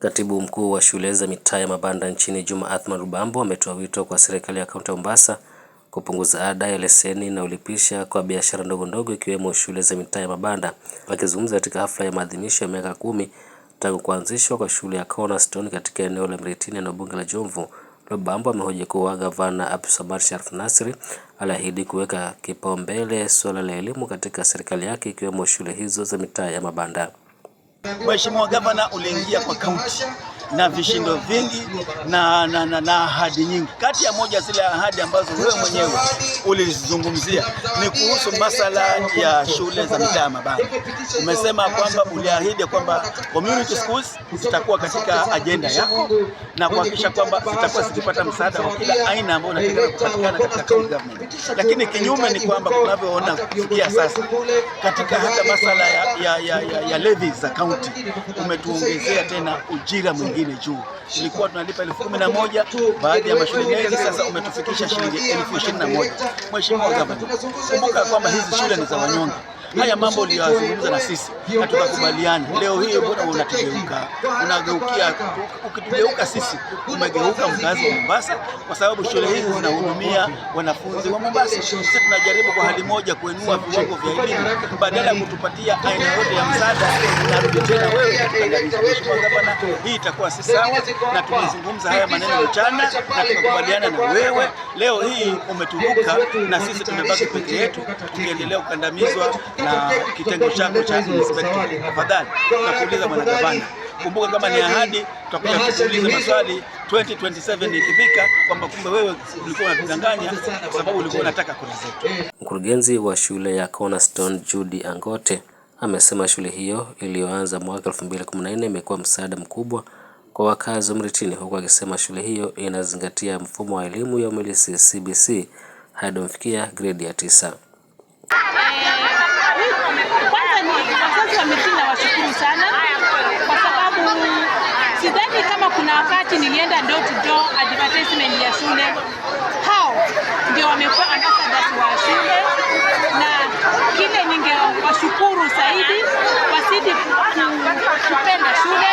Katibu Mkuu wa shule za mitaa ya mabanda nchini Juma Athman Rubambo ametoa wito kwa serikali ya kaunti ya Mombasa kupunguza ada ya leseni na ulipisha kwa biashara ndogo ndogo ikiwemo shule za mitaa ya mabanda. Akizungumza katika hafla ya maadhimisho ya miaka kumi tangu kuanzishwa kwa shule ya Cornerstone katika eneo la miritini na bunge la Jomvu, Rubambo amehoji kuwa Gavana Abdulswamad Sharif Nasri aliahidi kuweka kipaumbele suala la elimu katika serikali yake ikiwemo shule hizo za mitaa ya mabanda. Mheshimiwa Gavana, uliingia kwa kaunti na vishindo vingi na, na, na, na ahadi nyingi. Kati ya moja zile ahadi ambazo wewe mwenyewe ulizizungumzia ni kuhusu masala ya shule za mitaa mabanda. Umesema kwamba uliahidi kwamba community schools zitakuwa katika ajenda yako na kuhakikisha kwamba zitakuwa zikipata msaada wa kila aina ambao unataka kupatikana katika county government, lakini kinyume ni kwamba tunavyoona kufikia sasa katika hata masala ya, ya, ya, ya, ya levy za county umetuongezea tena ujira mwingi nyingine juu. Tulikuwa tunalipa elfu kumi na moja baadhi ya mashule mengi, sasa umetufikisha shilingi elfu ishirini na moja. Mheshimiwa Gavana, kumbuka kwamba hizi shule ni za wanyonge. Haya mambo uliyozungumza na sisi hatukakubaliana. Leo hii mbona unatugeuka, unageukia, ukitugeuka sisi umegeuka mkazi wa Mombasa, kwa sababu shule hizi zinahudumia wanafunzi wa Mombasa. Sisi tunajaribu kwa hali moja kuinua viwango vya elimu, badala ya kutupatia aina yote ya msaada. Narudi tena wewe gavana, hii itakuwa si sawa, na tumezungumza haya maneno mchana na tunakubaliana na wewe. Leo hii umeturuka na sisi tumebaki peke yetu, tukiendelea kukandamizwa na kitengo chako cha tafadhali, Tafadhali tunakuuliza bwana gavana, kumbuka kama ni ahadi, tutakuja kuuliza maswali 2027 ikifika, kwamba kumbe wewe ulikuwa unatudanganya kwa sababu ulikuwa unataka kura zetu. Eh. Mkurugenzi wa shule ya Cornerstone Judy Angote amesema shule hiyo iliyoanza mwaka 2014 imekuwa msaada mkubwa kwa wakazi wa Mritini, huku akisema shule hiyo inazingatia mfumo wa elimu ya umilisi CBC hadi mfikia gredi ya tisa. viongozi wa mitini na washukuru sana, kwa sababu sidhani kama kuna wakati nilienda door to door advertisement ya shule. Hao ndio wamekuwa ambassadors wa shule, na kile ningewashukuru zaidi wasidi kupenda shule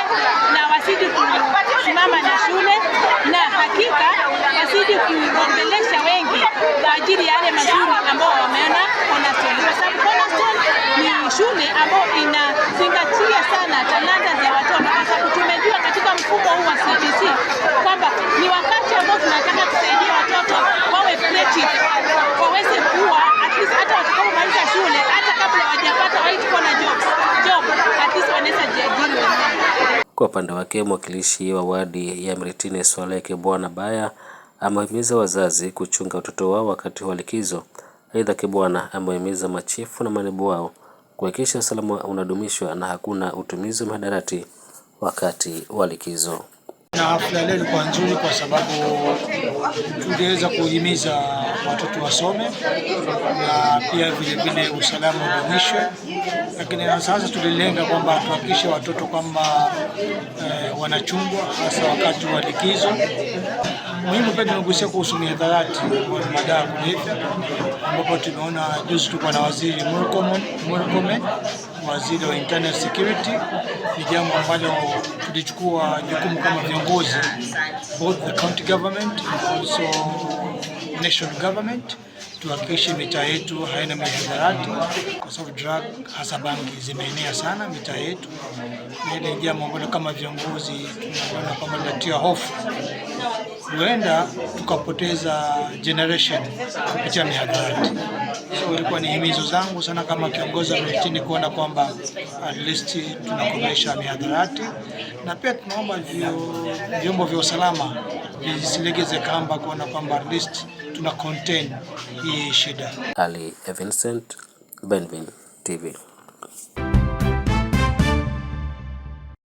na wasidi kusimama na shule, na hakika wasidi kuongelesha wengi kwa ajili ya yale mazuri ambapo inazingatia sana talanta za watoto, kwa sababu tumejua katika mfumo huu wa CBC kwamba ni wakati ambao tunataka kusaidia watoto wawe creative, waweze kuwa at least hata watakapomaliza shule, hata kabla hawajapata waituko na jobs job, at least wanaweza jiajiri wenyewe. Kwa upande wake mwakilishi wa wadi ya Mritini Swaleke Bwana Baya amewahimiza wazazi kuchunga watoto wao wakati wa likizo. Aidha, Kibwana amewahimiza machifu na manibu wao kuhakikisha usalama unadumishwa na hakuna utumizi wa mihadarati wakati wa likizo. Na hafla leo ilikuwa nzuri kwa sababu tuliweza kuhimiza watoto wasome na pia vilevile usalama udumishwe lakini sasa tulilenga kwamba tuhakikishe watoto kwamba eh, wanachungwa hasa wakati wa likizo. Muhimu pia tumegusia kuhusu mihadharati wa madawa ya kulevya, ambapo tumeona juzi tulikuwa na waziri Murkomen, waziri wa internal security. Ni jambo ambalo tulichukua jukumu kama viongozi both the county government and also national government tuhakikishe mitaa yetu haina mihadarati, kwa sababu drug hasa bangi zimeenea sana mitaa yetu, ile jambo ambalo kama viongozi tunaona kwamba linatia hofu, huenda tukapoteza generation kupitia mihadarati. So ilikuwa ni himizo zangu sana kama kiongozi wa mtini kuona kwamba at least tunakomesha mihadarati, na pia tunaomba vyombo vya usalama visilegeze kamba kuona kwamba at least tuna contain hii shida. Ali Vincent, Benvin TV.